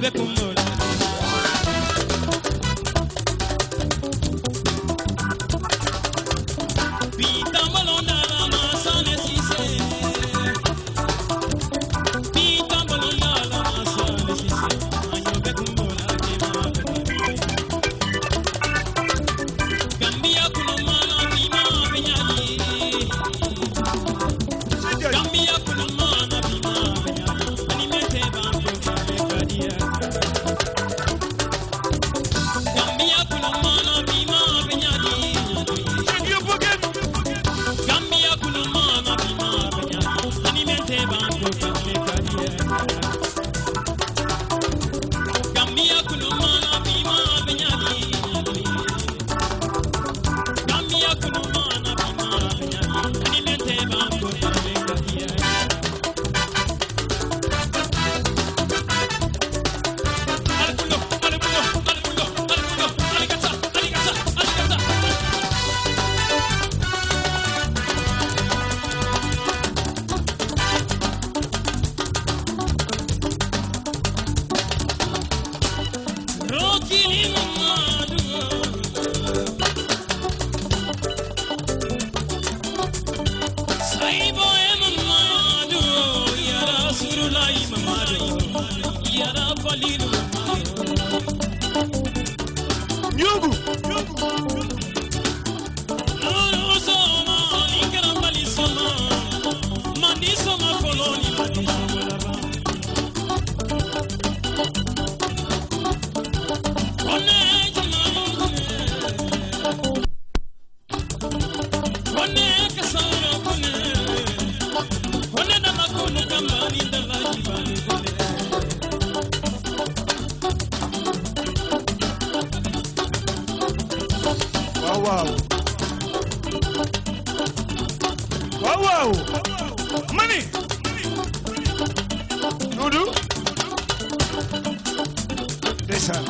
de tu mundo. waaw mani Duudu ndeysaan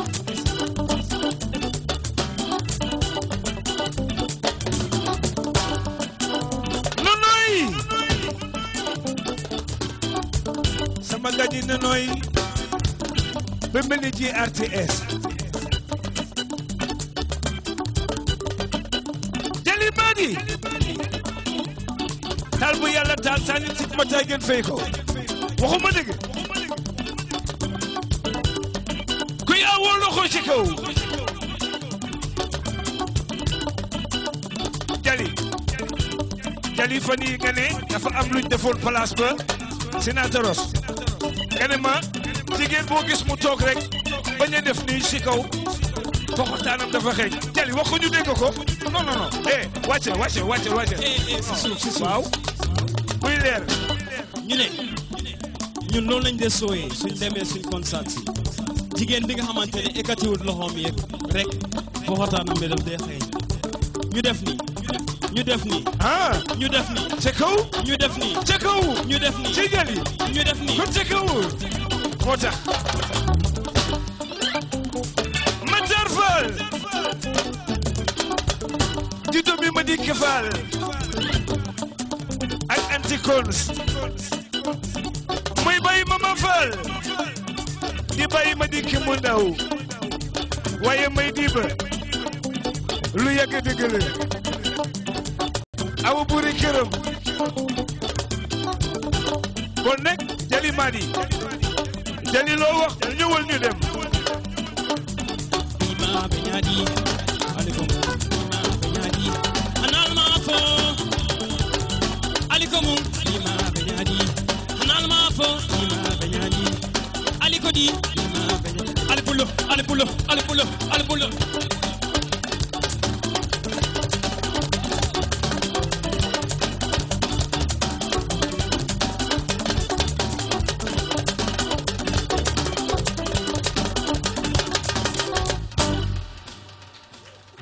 nonoy sama gaji nonoy be mene ji RTS jali baadi taal bu yàlla taal saa nit si mataay ngeen fay ko waxuma dëgg ku yaa woo loxo ci kaw jali jali fan yi nga ne dafa am luñ defoon place ba sénatoros nga ne ma jigéen boo gis mu toog rek ba a def nii si kaw toxotaanam dafa xeeñ jali waxuñu dégg ko non non non eh wàcce wàcce wàcce wàcce eh, eh, si suuf si suuf muy leer ñun noonu lañ dee sooyee suñ demee suñ concert si bi nga xamante ne ekkatiwul loxoom yeeg rek boo xotaanu mbelam day xëy ñu def nii ñu def nii ah ñu def nii ca kaw ñu def nii ca kaw ñu def nii ci jëli ñu def nii kon kaw moo tax di ma di Stikons muy bay ma ma faal di bay ma di ki waaye may diba lu yàgg dëgg aw buri këram kon nekk jali maadi jali loo wax ñëwal ñu dem xale bu la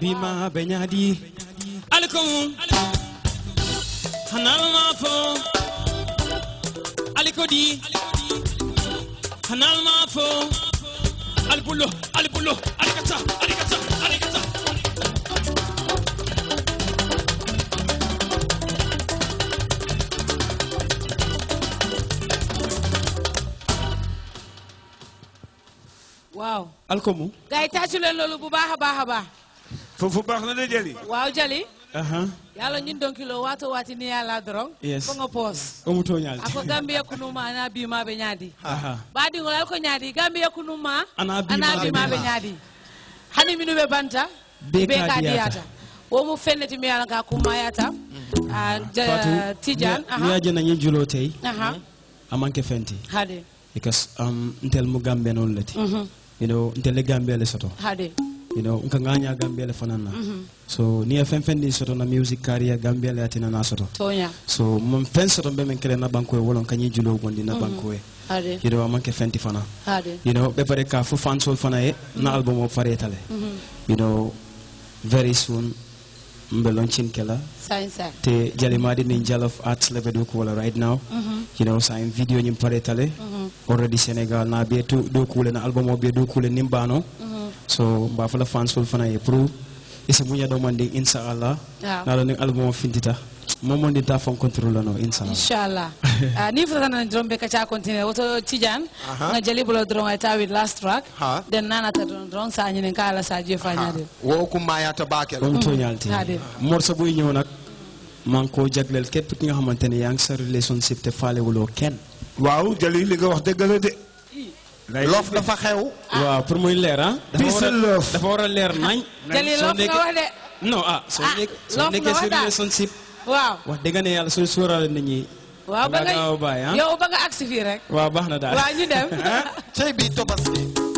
bima benyadi alikum hanal mafo alikodi hanal mafo albullo albullo arikata arikata arikata waaw alkomu gars yi tàccu leen loolu bu baax a baax a baax foofu baax na de jëli waaw jëli Uh-huh. yala ñin donkilo wato wati ni yala dorong yes. ko pos o muto a ako gambia kunuma ana bi ma be nyaadi uh-huh. baadi ngol ko nyaadi gambia kunuma ana bi ma be nyaadi hani minu be banta be ka diata wo mu fenneti mi yala ka kuma yata mm-hmm. ah, tijan aha ya jena ñi julo tay aha amanke fenti hade because um, mu gambe non lati mm-hmm. you know ntel le le soto you know nkanganya gambia le fanana mm -hmm. so ni fm fen soto na music career gambia le atina na soto tonya so mon fen soto be men kele na banko e wolon kanyi julo gondi na mm -hmm. banko e you know manke fenti fana Hade. you know be pare ka fo fan sol fana e na mm-hmm. album o fare tale mm -hmm. you know very soon mbe launching kela Science. te madi ni jalof of arts level doku ko right now mm -hmm. you know sign video ni pare tale mm -hmm. already senegal na be to doku le na album o be doku le nimbano mm -hmm. so bafula fans ful fana ye pro isa munya do mandi inshallah yeah. na do ni album fintita momo ndi ta fon contrôle no inshallah inshallah ah, ni fata na drum be ka cha continue woto tijan uh -huh. nga jali bulo drum ay tawi last track den nana ta drum drum mm-hmm. sa nyen ka ala sa je wo ku ma ya ta bakel on to nyalti morso boy man ko jaglel képp ki nga xamantene yaa ngi sa relationship te faale wuloo waaw jali li nga wax dëgg la de loof dafa xew. Ah. waaw pour muy leer ah. dafa war a leer nañ. soo nekkee non ah. soo ah, nekkee sur relationship. waaw wax dëgg ne yàlla soo sóoraale nit ñi. waaw ba nga ah. yow ba nga rek. waaw baax na daal waaw ñu dem. tey bii tobaski.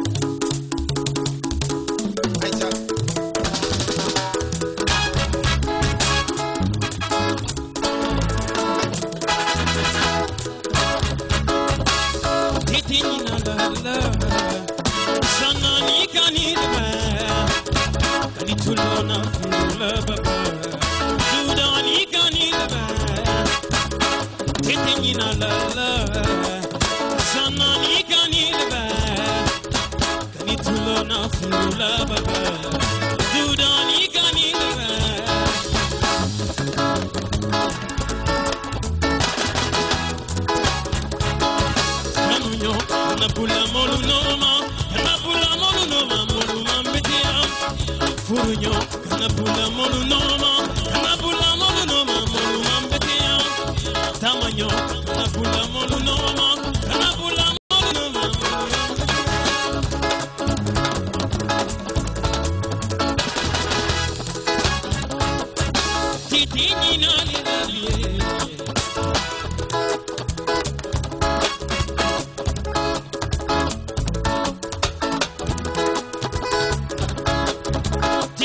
Mapula molu noma Mapula molu noma molu mambitiam Furunyo Kanapula molu noma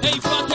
Hey, fuck